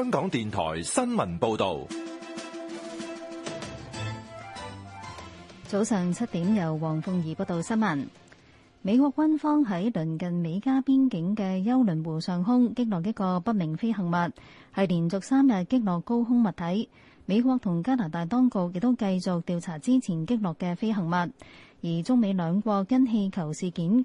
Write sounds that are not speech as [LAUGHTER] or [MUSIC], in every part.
香港電台新聞報道，早上七點由黃鳳儀報道新聞。美國軍方喺鄰近美加邊境嘅休倫湖上空擊落一個不明飛行物，係連續三日擊落高空物體。美國同加拿大當局亦都繼續調查之前擊落嘅飛行物，而中美兩國因氣球事件，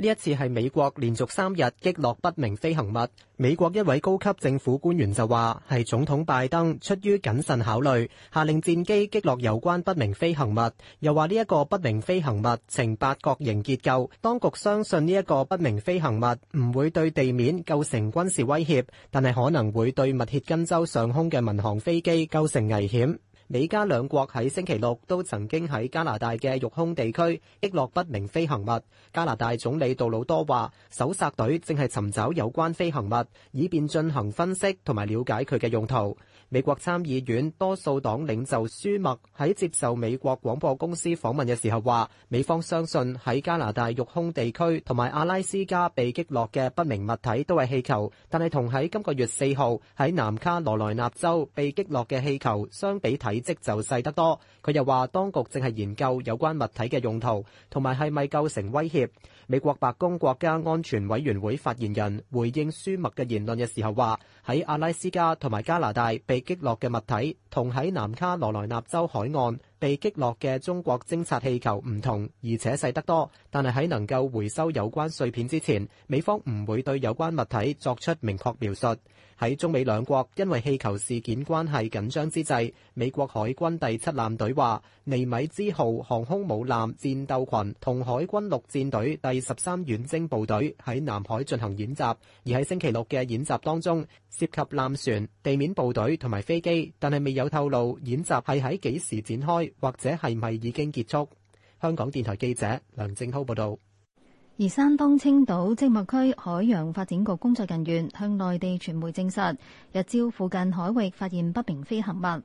呢一次係美國連續三日擊落不明飛行物。美國一位高級政府官員就話，係總統拜登出於謹慎考慮，下令戰機擊落有關不明飛行物。又話呢一個不明飛行物呈八角形結構，當局相信呢一個不明飛行物唔會對地面構成軍事威脅，但係可能會對密歇根州上空嘅民航飛機構成危險。美加兩國喺星期六都曾經喺加拿大嘅育空地區，擊落不明飛行物。加拿大總理杜魯多話，搜索隊正係尋找有關飛行物，以便進行分析同埋了解佢嘅用途。美國參議院多數黨領袖舒默，喺接受美國廣播公司訪問嘅時候話,美方相信喺加拿大育空地區同埋阿拉斯加被擊落嘅不明物體都係氣球，但係同喺今個月四號，喺南卡羅來納州被擊落嘅氣球相比睇積就細得多。佢又話，當局正係研究有關物體嘅用途，同埋係咪構成威脅。 [MUSIC] [MUSIC] 美國白宮國家安全委員會發言人回應舒默嘅言論嘅時候話，喺阿拉斯加同埋加拿大被擊落嘅物體同喺南卡羅來納州海岸被擊落嘅中國偵察氣球唔同，而且細得多。但係喺能夠回收有關碎片之前，美方唔會對有關物體作出明確描述。喺中美兩國因為氣球事件關係緊張之際，美國海軍第七艦隊話，尼米茲號航空母艦戰鬥群同海軍陸戰隊第十三遠征部隊喺南海進行演習，而喺星期六嘅演習當中涉及艦船、地面部隊同埋飛機，但係未有透露演習係喺幾時展開或者係咪已經結束。香港電台記者梁正濤報道。而山東青島即墨區海洋發展局工作人員向內地傳媒證實，日照附近海域發現不明飛行物。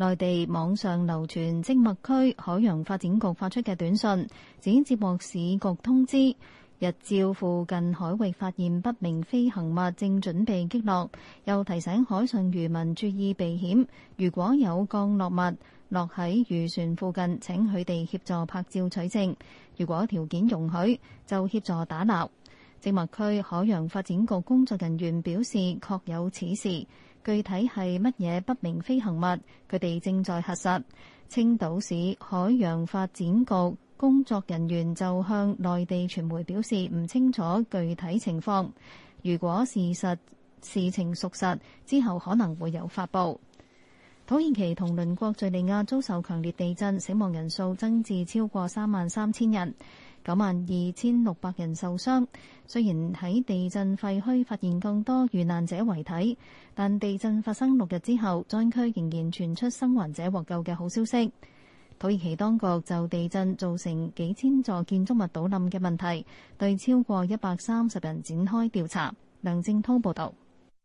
內地網上流傳，即墨區海洋發展局發出嘅短信，指接獲市局通知，日照附近海域發現不明飛行物，正準備擊落，又提醒海上漁民注意避險。如果有降落物落喺漁船附近，請佢哋協助拍照取證。如果條件容許，就協助打撈。即墨區海洋發展局工作人員表示，確有此事。具體係乜嘢不明飛行物？佢哋正在核實。青島市海洋發展局工作人員就向內地傳媒表示唔清楚具體情況。如果事實事情屬實，之後可能會有發布。土耳其同鄰國敘利亞遭受強烈地震，死亡人數增至超過三萬三千人。九萬二千六百人受傷。雖然喺地震廢墟發現更多遇難者遺體，但地震發生六日之後，災區仍然傳出生還者獲救嘅好消息。土耳其當局就地震造成幾千座建築物倒冧嘅問題，對超過一百三十人展開調查。梁正滔報道。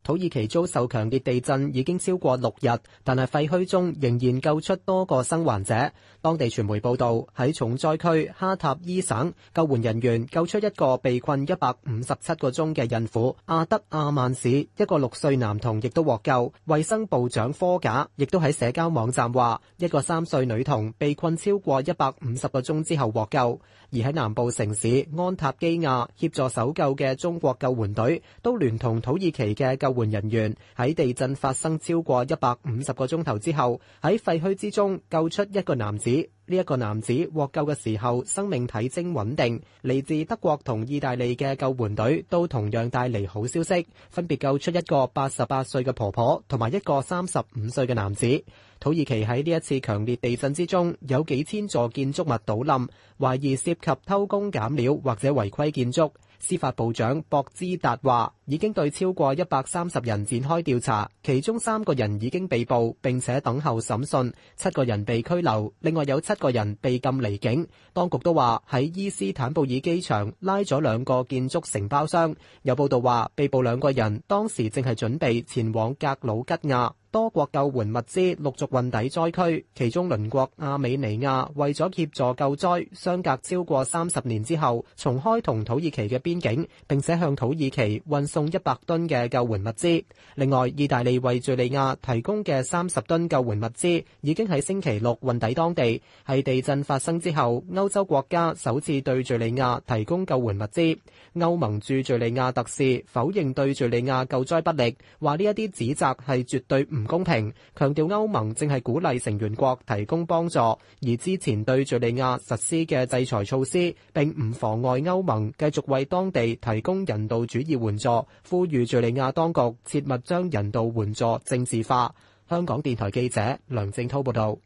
土耳其遭受強烈地震已經超過六日，但係廢墟中仍然救出多個生還者。當地傳媒報道，喺重災區哈塔伊省，救援人員救出一個被困一百五十七個鐘嘅孕婦；阿德亞曼市一個六歲男童亦都獲救。衛生部長科賈亦都喺社交網站話，一個三歲女童被困超過一百五十個鐘之後獲救。而喺南部城市安塔基亞協助搜救嘅中國救援隊，都聯同土耳其嘅救救援人員喺地震發生超過一百五十個鐘頭之後，喺廢墟之中救出一個男子。呢一個男子獲救嘅時候，生命體徵穩定。嚟自德國同意大利嘅救援隊都同樣帶嚟好消息，分別救出一個八十八歲嘅婆婆同埋一個三十五歲嘅男子。土耳其喺呢一次強烈地震之中，有幾千座建築物倒冧，懷疑涉及偷工減料或者違規建築。司法部長博茲達話：已經對超過一百三十人展開調查，其中三個人已經被捕並且等候審訊，七個人被拘留，另外有七個人被禁離境。當局都話喺伊斯坦布爾機場拉咗兩個建築承包商。有報道話，被捕兩個人當時正係準備前往格魯吉亞。多國救援物資陸續運抵災區，其中鄰國亞美尼亞為咗協助救災，相隔超過三十年之後重開同土耳其嘅邊境，並且向土耳其運送一百噸嘅救援物資。另外，意大利為敍利亞提供嘅三十噸救援物資已經喺星期六運抵當地，係地震發生之後歐洲國家首次對敍利亞提供救援物資。歐盟駐敍利亞特使否認對敍利亞救災不力，話呢一啲指責係絕對唔唔公平，強調歐盟正係鼓勵成員國提供幫助，而之前對敍利亞實施嘅制裁措施並唔妨礙歐盟繼續為當地提供人道主義援助，呼籲敍利亞當局切勿將人道援助政治化。香港電台記者梁正滔報道，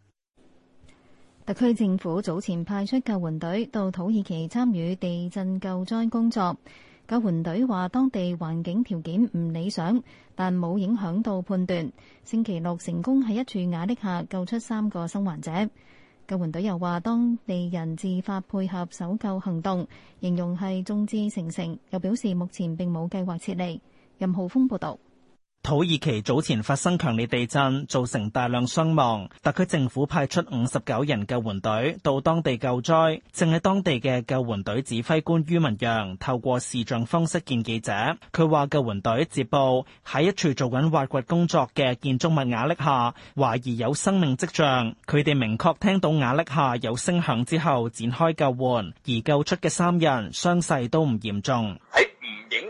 特區政府早前派出救援隊到土耳其參與地震救災工作。救援隊話：當地環境條件唔理想，但冇影響到判斷。星期六成功喺一處瓦礫下救出三個生還者。救援隊又話：當地人自發配合搜救行動，形容係眾志成城，又表示目前並冇計劃撤離。任浩峯報道。土耳其早前發生強烈地震，造成大量傷亡。特區政府派出五十九人救援隊到當地救災。正係當地嘅救援隊指揮官于文陽透過視像方式見記者。佢話救援隊接報喺一處做緊挖掘工作嘅建築物瓦礫下，懷疑有生命跡象。佢哋明確聽到瓦礫下有聲響之後展開救援，而救出嘅三人傷勢都唔嚴重。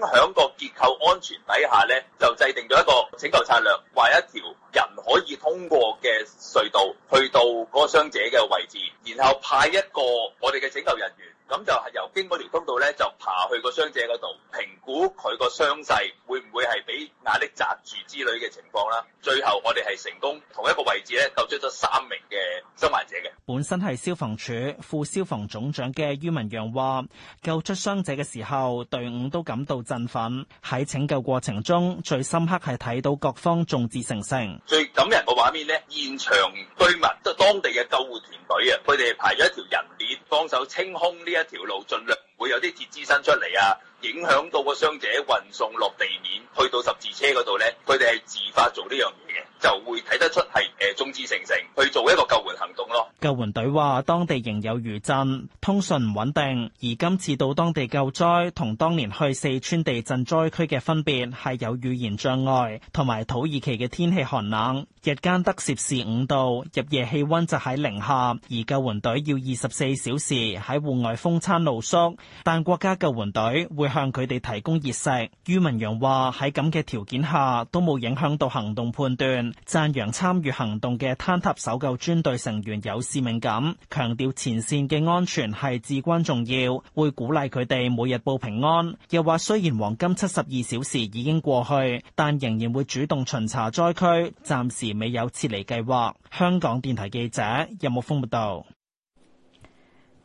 響個結構安全底下咧，就制定咗一個拯救策略，挖一條人可以通過嘅隧道去到嗰個傷者嘅位置，然後派一個我哋嘅拯救人員。咁就係由經嗰條通道咧，就爬去個傷者嗰度評估佢個傷勢，會唔會係俾壓力砸住之類嘅情況啦？最後我哋係成功同一個位置咧救出咗三名嘅傷患者嘅。本身係消防處副消防總長嘅於文陽話：救出傷者嘅時候，隊伍都感到振奮。喺拯救過程中，最深刻係睇到各方眾志成城。最感人嘅畫面呢，現場居民即係當地嘅救護團隊啊，佢哋排咗一條人。幫手清空呢一條路，盡量唔會有啲鐵枝伸出嚟啊，影響到個傷者運送落地面，去到十字車嗰度咧，佢哋係自發做呢樣嘢，就會睇得出係誒眾志成城去做一個救援行動咯。救援隊話當地仍有餘震，通訊唔穩定。而今次到當地救災同當年去四川地震災區嘅分別係有語言障礙，同埋土耳其嘅天氣寒冷，日間得攝氏五度，入夜氣溫就喺零下。而救援隊要二十四小時喺戶外風餐露宿，但國家救援隊會向佢哋提供熱食。于文陽話喺咁嘅條件下都冇影響到行動判斷，讚揚參與行動嘅坍塌搜救專隊成員有使命感，強調前線嘅安全係至關重要，會鼓勵佢哋每日報平安。又話雖然黃金七十二小時已經過去，但仍然會主動巡查災區，暫時未有撤離計劃。香港電台記者任木峰報道。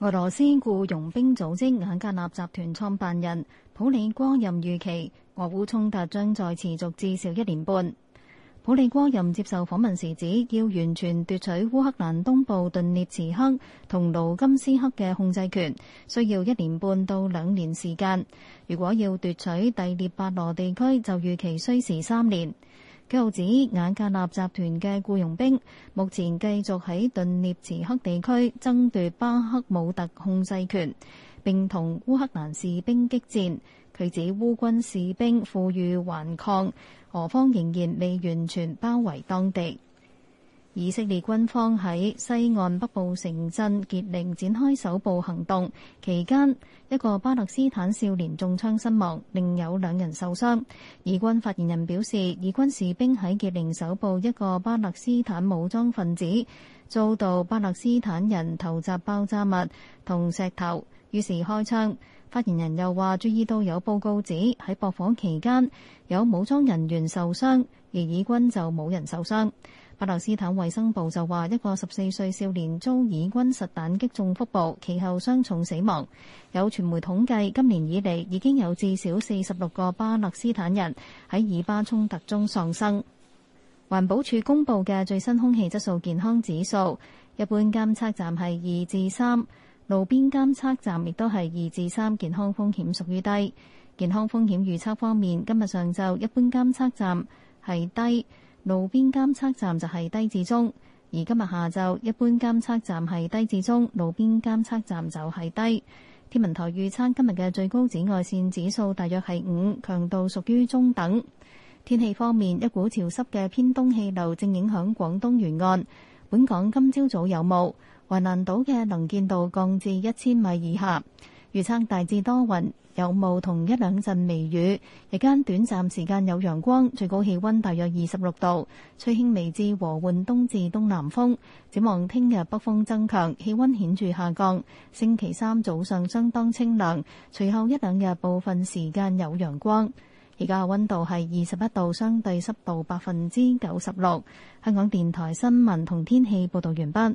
俄羅斯僱傭兵組織瓦格納集團創辦人普里戈任預期，俄烏衝突將再持續至少一年半。普利哥任接受訪問時指，要完全奪取烏克蘭東部頓涅茨克同盧甘斯克嘅控制權，需要一年半到兩年時間。如果要奪取第聶伯羅地區，就預期需時三年。佢又指，瓦格納集團嘅僱傭兵目前繼續喺頓涅茨克地區爭奪巴克姆特控制權，並同烏克蘭士兵激戰。佢指烏軍士兵負隅頑抗。何方仍然未完全包圍當地？以色列軍方喺西岸北部城鎮傑寧展開首部行動，期間一個巴勒斯坦少年中槍身亡，另有兩人受傷，以軍發言人表示，以軍士兵喺傑寧首部一個巴勒斯坦武裝分子遭到巴勒斯坦人投擲爆炸物同石頭，於是開槍。發言人又話，注意到有報告指喺駁火期間有武裝人員受傷，而以軍就冇人受傷。巴勒斯坦衛生部就話，一個十四歲少年遭以軍實彈擊中腹部，其後傷重死亡。有傳媒統計，今年以嚟已經有至少四十六個巴勒斯坦人喺以巴衝突中喪生。環保署公布嘅最新空氣質素健康指數，一般監測站係二至三。路邊監測站亦都係二至三，健康風險屬於低。健康風險預測方面，今日上晝一般監測站係低，路邊監測站就係低至中。而今日下晝一般監測站係低至中，路邊監測站就係低。天文台預測今日嘅最高紫外線指數大約係五，強度屬於中等。天氣方面，一股潮濕嘅偏東氣流正影響廣東沿岸，本港今朝早早有霧。雲南島嘅能見度降至一千米以下，預測大致多雲，有霧同一兩陣微雨。日間短暫時間有陽光，最高氣溫大約二十六度，吹輕微至和緩東至東南風。展望聽日北風增強，氣溫顯著下降。星期三早上相當清涼，隨後一兩日部分時間有陽光。而家嘅溫度係二十一度，相對濕度百分之九十六。香港電台新聞同天氣報道完畢。